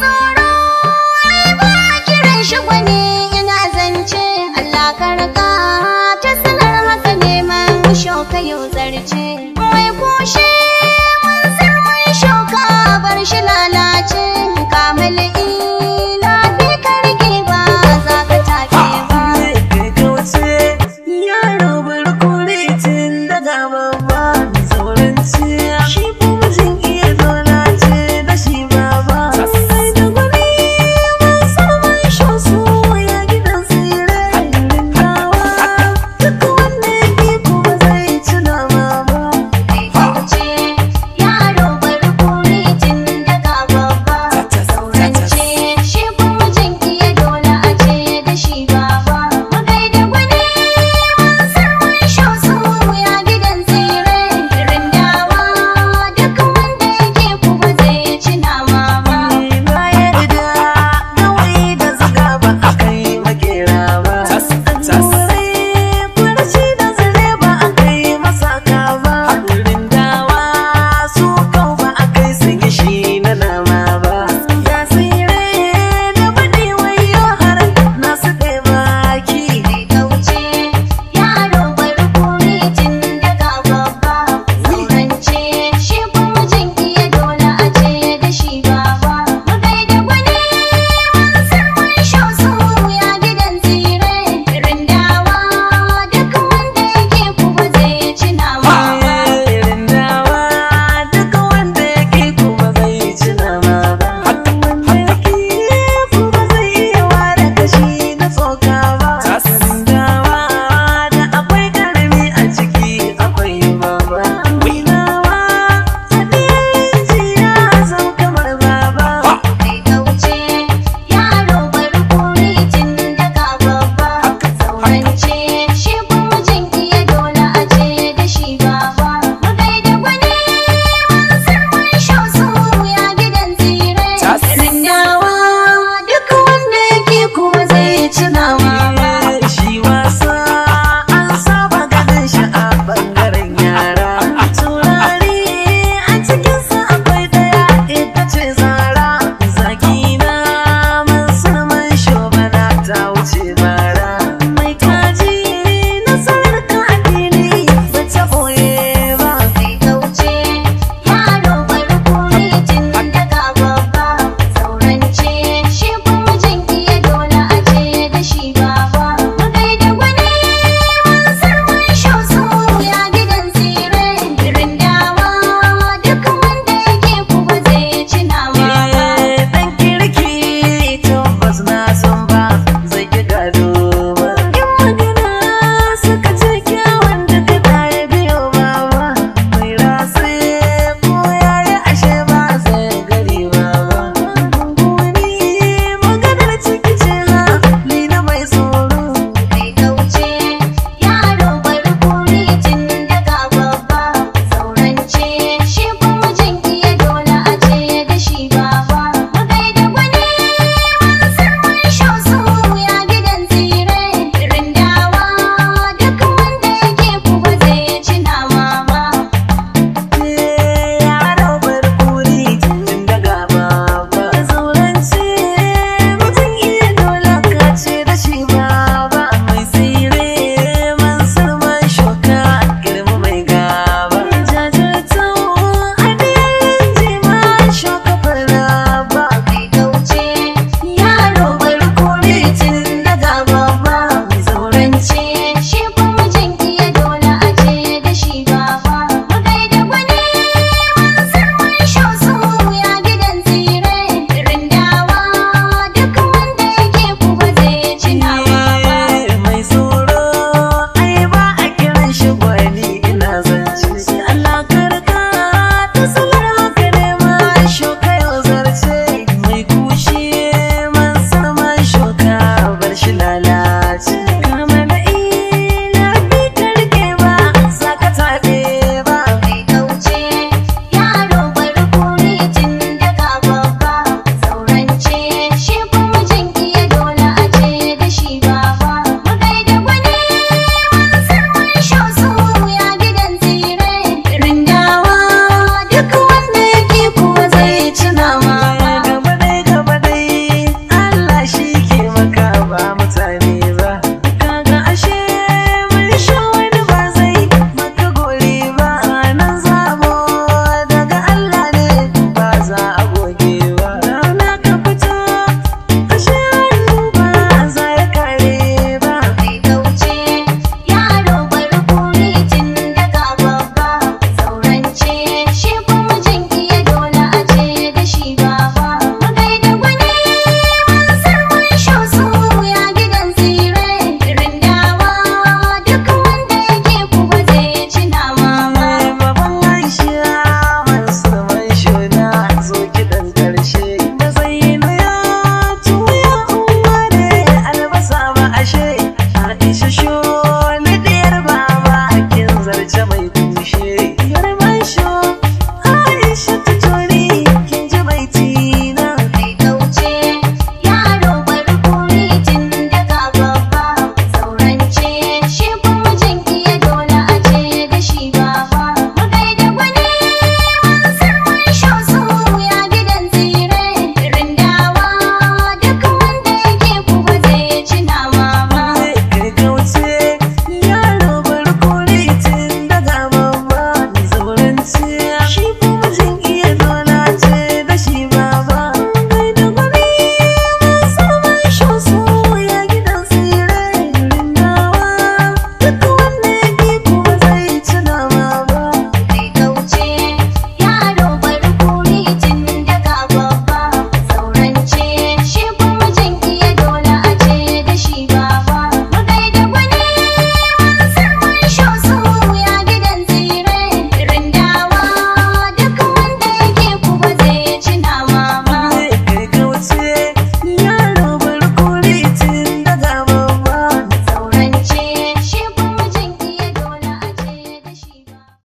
always 些许。